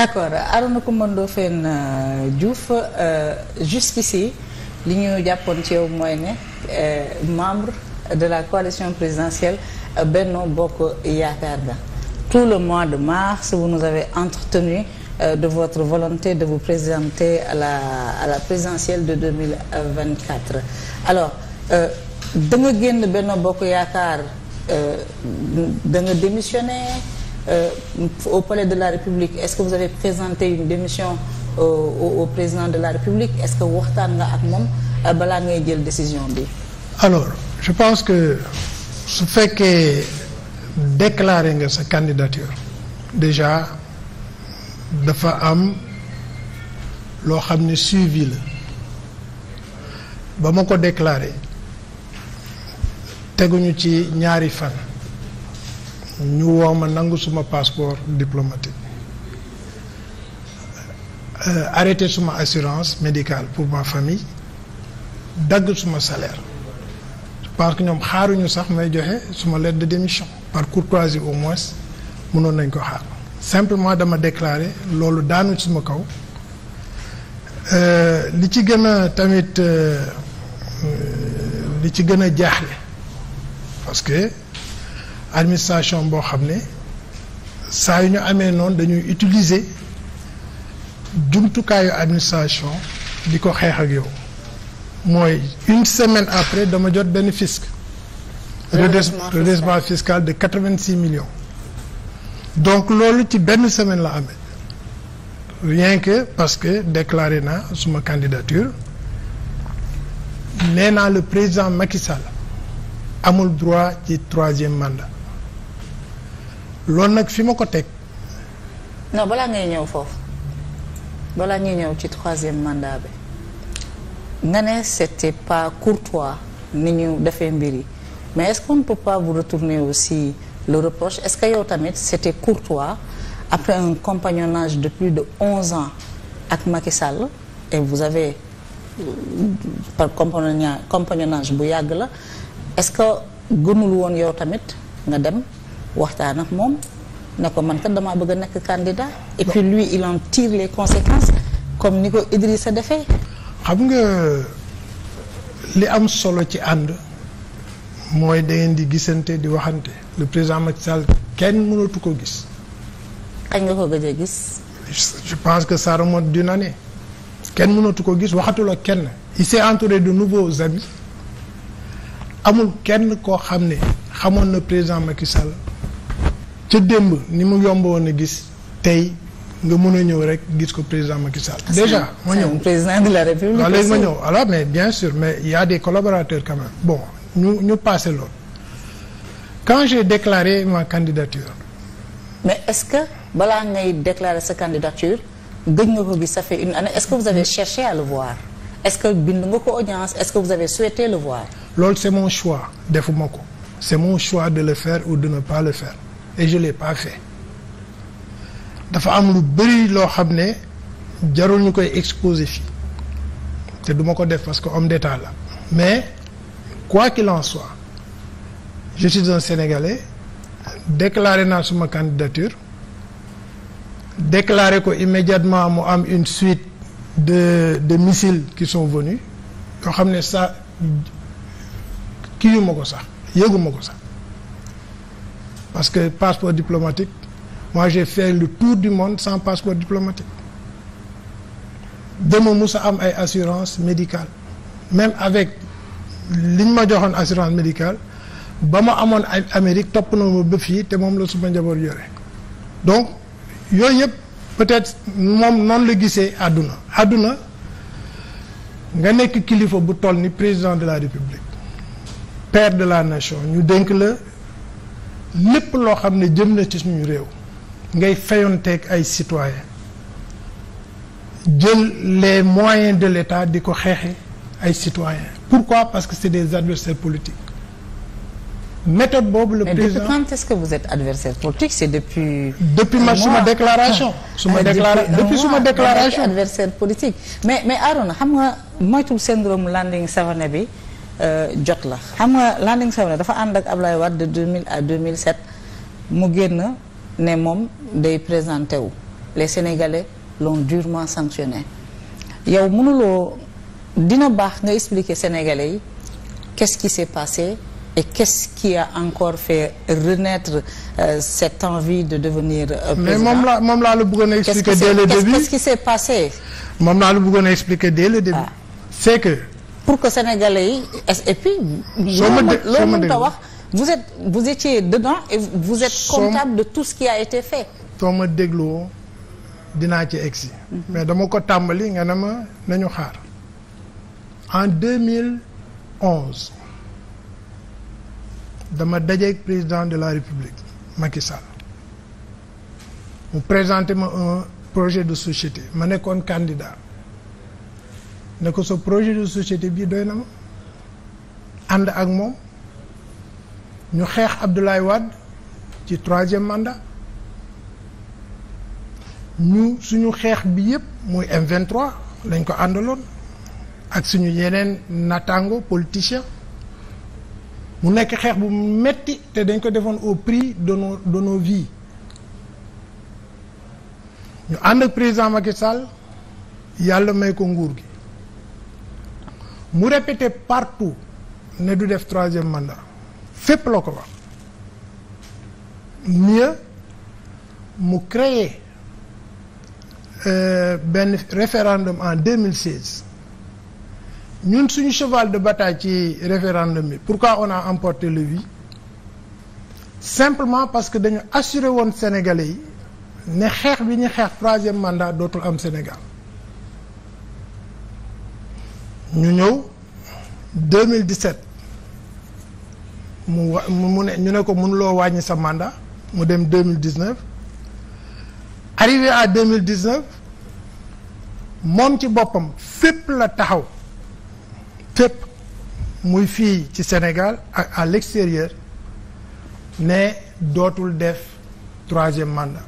d'accord Arouna Coumba Ndoffène euh, Diouf euh, jusqu'ici li ñu jàppoon ci yow mooy ne euh, membre de la coalition présidentielle Benno Bokk Yaakaar ga tout le mois de mars vous nous avez entretenu de votre volonté de vous présenter à la à la présidentielle de 2024 alors da nga génn Benno Bokk Yaakaar da nga Euh, au palais de la République est-ce que vous avez présenté une démission au, président de la République est-ce que waxtaan nga ak moom euh, balaa ngay jël décision bi. alors je pense que su fekkee déclarer nga sa candidature déjà dafa am loo xam ni suivi la ba ma ko déclarer teguñu ci ñaari fan. ñu woo ma nangu suma passeport diplomatique euh, arrêté suma assurance médical pour ma famille dagg suma salaire je que ñoom xaaruñu sax may joxe suma lettre de démission par courtoisie au moins mënoon nañ ko xaar simplement dama déclaré loolu daanu suma kaw euh, li ci gën a tamit euh, li ci gën a jaaxle parce que administration boo xam ne saa yu ñu amee noonu dañuy utiliser jumtukaayu administration di ko xeex ak yow mooy une semaine après dama jot benn fisc redressement fiscal de quatre-vingt-six millions donc loolu ci benn semaine la amee rien que parce que déclaré naa suma candidature nee naa le président Macky amul droit ci troisième mandat loolu nag fi ma ko teg. non balaa ngay ñëw foofu balaa ngay ñëw ci troisième mandat bi nga ne c'était pas courtois ni ñu defee mbir yi mais est-ce qu'on ne retourner aussi le reproche est-ce que yow tamit c'était courtois après un compagnonnage de plus de onze ans ak Macky Sall et vous avez par compagnonnage bu yàgg la est-ce que gënul woon yow tamit nga dem. waxtaan ak moom ne ko man kat damaa bëgg a nekk candidat et puis lui il en tire les conséquences comme ni ko Idrissa defee. xam nga li am solo ci ànd mooy da ngeen di gisante di waxante le président Macky kenn mënatu ko gis. kañ nga ko gëj gis. je pense que ça remonte d'une année kenn mënatu ko gis waxatuloo kenn. il s'est entouré de nouveaux amis amul kenn koo xam ne xamoon na président Macky ca démb ni mu yomb a gis tey nga mun a ñëw rek gis ko président Macky Sall. déjà ma ñëw président de la république. ma ñëw alo mais bien sûr mais y a des collaborateurs quand même bon ñu ñu paase loolu. quand j'ai déclaré ma candidature. mais est-ce que balaa ngay déclarer sa candidature gëj nga ko gis ça fait une année est-ce que vous avez cherché à le voir est que bind nga ko audience est-ce que vous avez souhaité le voir. loolu c'est mon choix defuma ko c'est mon choix de le faire ou de ne pas et je l'ai fait dafa am lu bëri loo xam ne jarul ñu koy exposer fii te duma ko def parce que homme d'état la mais quoi qu'il en soit je suis un naa suma candidature déclaré ko immédiatement mu am une suite de de missiles qui sont venus yoo xam ne ça kii ko sax yëguma ko sax parce que passeport diplomatique moi j'ai fait le tour du monde sans passeport diplomatique dama mus a am ay assurance médicale même avec li ñu ma joxoon assurance médicale ba ma amoon ay Amérique topp na ma ba fii te moom la suma njaboot yore donc yooyu yëpp peut-être moom noonu la gisee àdduna àdduna nga nekk kilifa bu toll ni président de la République père de la nation ñu dénk la lépp loo xam ne jëm na ci suñu réew ngay teg ay citoyens jël les moyens de l'État di ko xeexe ay citoyens pourquoi parce que c'est des adversaires politiques méthode boobu le président mais depuis quand est-ce que vous êtes adversaire politique c'est depuis. depuis ma suma déclaration. suma euh, déclara depuis suma déclaration politique mais mais Arona xam nga moytul syndrome landing savane bi. Euh, jot la xam nga Landing Savané dafa ànd ak Ablaye Wade de 2000 à 2007 mu génn ne moom day présenté wu les Sénégalais l'ont durement sanctionné yow mënuloo dina baax nga expliquer Sénégalais yi qu'est-ce qui s'est passé et qu'est-ce qui a encore fait renaître euh, cette envie de devenir euh, président mais moom laa moom laa la bëggoon a expliquer dès le début qu'est-ce qui s'est passé moom laa la bëggoon a dès le début ah. c'est que pour que sénégalais yi et puis. soo ma dégg wax vous êtes vous étiez dedans et vous êtes comptable de tout ce qui a été fait. soo ma dégloo dinaa ci egsi. Mhm. mais dama ko tàmbali nga ne ma nañu xaar en deux mille onze dama dajeeg président de la république Macky Sall mu présenté ma un projet de société ma nekkoon candidat. ne ko sa projet de société bii doy na ma ànd ak moom ñu xeex Abdoulaye Wade ci troisième mandat ñu suñu xeex bi yëpp mooy M23 lañ ko àndaloon ak suñu yeneen natango politicien mu nekk xeex bu metti te dañ ko defoon au prix de nos de nos vies ñu ànd ak président Macky Sall yàlla may ko nguur gi mu répété partout ne du def troisième mandat fépp la ko wax mieux mu créer euh, benn référendum en 2016 ñun suñu cheval de bataille ci référendum bi pourquoi on a emporté le oui simplement parce que dañu assuré woon sénégalais yi ne xeex bi ñu xeex troisième mandat dootul am Sénégal ñu ñëw 2017 mu wa mu ne ñu ne ko mënuloo wàññi sa mandat mu dem deux 2019 arrivé à 2019 moom ci boppam fépp la taxaw fépp muy fii ci Sénégal ak à l'extérieur ne dootul def troisième mandat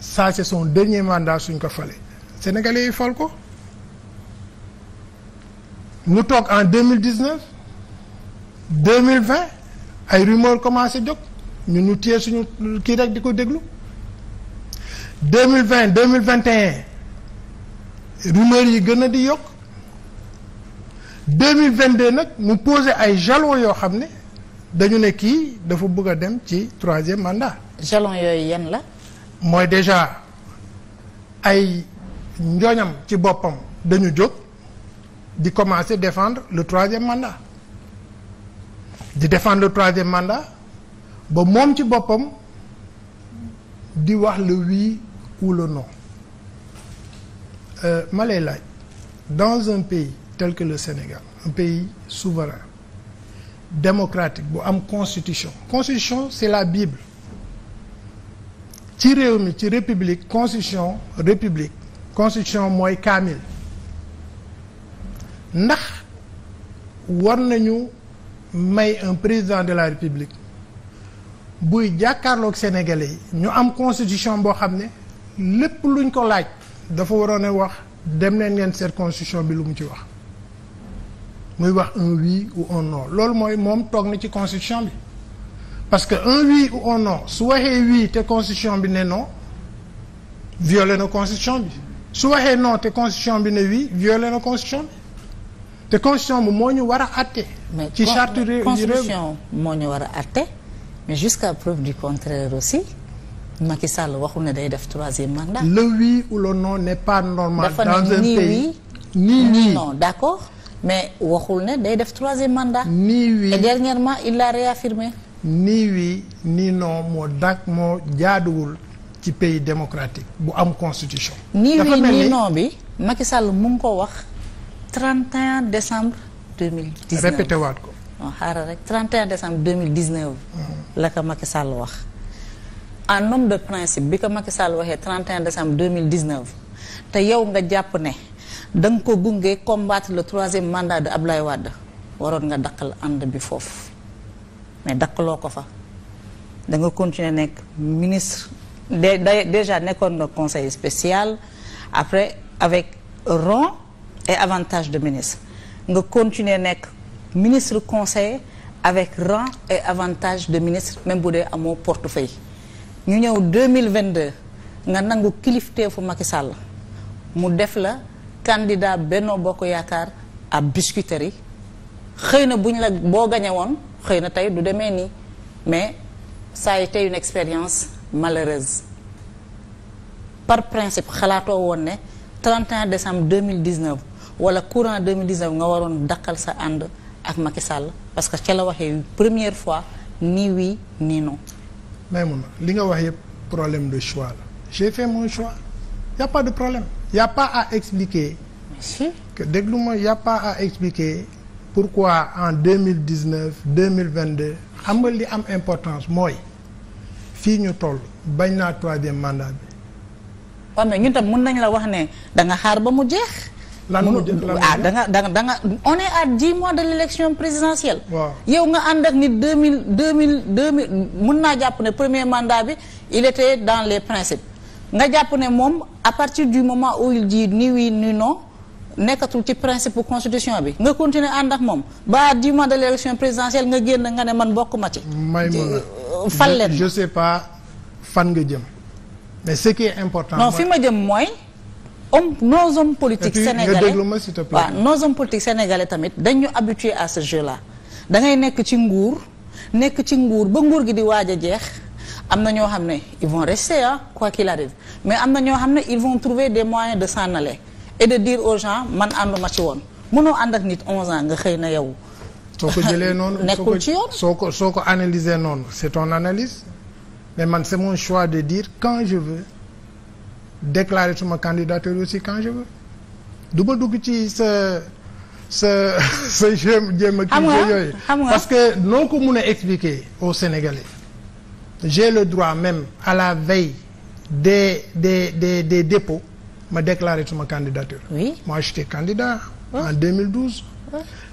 ça c'est son dernier mandat suñ ko fale sénégalais yi fal ko ñu toog en deux mille dix neuf deux mille vingt ay rumeur commencé jóg ñun ñu téye suñu kii rek di ko déglu deux mille vingt deux mille vingt et un rumeur yi gën a di yokk deux mille vingt deux nag mu posé ay jalons yoo xam ne dañu ne kii dafa bëgg a dem ci troisième mandat. jalons yooyu yan la. mooy déjà ay njooñam ci boppam dañu jóg. di commencer défendre le troisième mandat di défendre le troisième mandat ba moom ci boppam di wax le oui ou le non euh, ma lay laaj dans un pays tel que le Sénégal un pays souverain démocratique bu am constitution constitution c'est la Bible ci réew mi ci république constitution république constitution mooy kaamil ndax war nañu may un président de la république buy jàkkaarlook sénégalais yi ñu am constitution boo xam ne lépp luñ ko laaj dafa waroon a wax dem leen ngeen seet constitution bi lu mu ci wax muy wax un oui ou un non loolu mooy moom toog na ci constitution bi parce que un oui ou un non su waxee oui te constitution bi ne non violé na constitution bi su waxee non te constitution bi ne oui violé na constitution te constitution bi moo ñu war a àtte. ci charte réew moo ñu war a àtte mais jusqu'à preuve du contraire aussi Macky Sall waxul ne day def troisième mandat. le oui ou le non n'est pas normal. dans un pays mais waxul ne day def troisième mandat. ni oui et dernièrement il l'a réaffirmé. ni oui ni moo dak moo jaaduwul ci pays démocratique bu am constitution. dafa mel ni oui bi Macky Sall ko wax. 31 décembre 2019 répété waat ko. non xaaral rek 31 décembre 2019. la ko Macky Sall wax. en nombre de principe bi ko Macky Sall waxee 31 décembre 2019 te yow nga jàpp ne da ko gunge combattre le troisième mandat de Ablaye Wade waroon nga daqal ànd bi foofu mais dakkaloo ko fa da nga continuer nekk ministre de déjà nekkoon nga conseil spécial après avec Ron. et avantage de ministre nga continuer nekk ministre conseiller avec rang et avantage de ministre même bu dee amoo portefeuille ñu ñëw 2022 nga nangu kilifteefu Macky la mu def la kandidaa Benno Bokk Yaakaar à Biscuiterie xëy na buñ la boo gañe woon xëy na tey du demee nii mais saa a tey une expérience malheureuse par principe xalaatoo woon ne 31 décembre 2019 wala courant 2019 nga waroon daqal sa ànd ak Macky Sall parce que ca la waxee première fois ni nii ni non. mais na li nga wax yëpp problème de choix la j'ai fait mon choix y a pas problème y a pas à expliquer. merci que déglu ma y a pas à expliquer pourquoi en 2019 xam nga li am importance mooy fii ñu toll bañ naa troisième mandat bi. waaw mais ñun tam mën nañ la wax ne da nga xaar ba mu jeex. lan moo ah da nga da nga da nga on est à dix mois de l' élection présidentielle. yow nga ànd ak ni deux mille deux mille deux mille mun naa jàpp ne premier mandat bi il était dans les principes nga jàpp ne moom à partir du moment où il dit ni oui ni non nekkatul ci principe constitution bi. nga continuer ànd ak moom ba dix mois de l' élection présidentielle nga génn nga ne man bokk ma ci. may euh, fal leen je sais pas fan nga jëm. mais ce qui est important. non fi ma jëm mooy. hommes nos hommes politiques sénégalais waaw nos hommes politiques sénégalais tamit dañu habitué à ce jeu là da ngay nekk ci nguur nekk ci nguur ba nguur gi di waaj a jeex am na ñoo xam ne ils vont rester ah quoi qu'il arrive mais am na ñoo xam ne ils von trouver des moyens de s'en aller et de dire aux gens man ànduma ci woon mënoo ànd ak nit 11 ans nga xëy na yow. soo ko jëlee noonu nekkul ci yoon soo ko soo ko analyser noonu c'est ton analyse mais man c'est mon choix de di quand je déclarer sama candidature aussi quand je du ma dugg ci sa sa sa jéem jéem a kii yooyu parce que noo ko mun a expliquer aux Sénégalais j'ai le droit même à la veille des des des des dépôts ma déclarer sama candidature candidat en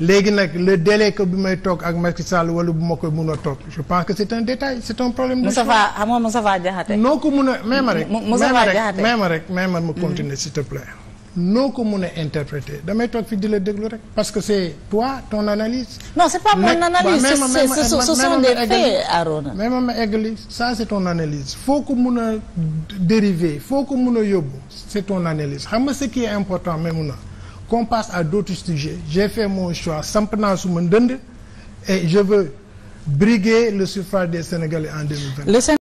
léegi nag le délai que bi may toog ak Macky Sall wala bu ma koy mun a toog je pense que c' est un détail c' est un problème. de choix Moustapha xam nga Moustapha noo ko mun a même rek. Moustapha rek même rek ma continuer s' te plaît. noo ko mun a interpréter damay toog fi di la déglu rek parce que c' est toi ton analyse. non c' est pas mon analyse. mais ce sont des faits Arona. ton analyse. foo ko mun a dériver foo ko mun a yóbbu c' est ton analyse xam nga ce qui est important même na. qu'on passe à d'autres sujets j'ai fait mon choix samp su suma ndënd et je veux briguer le suffrage des Sénégalais en 2024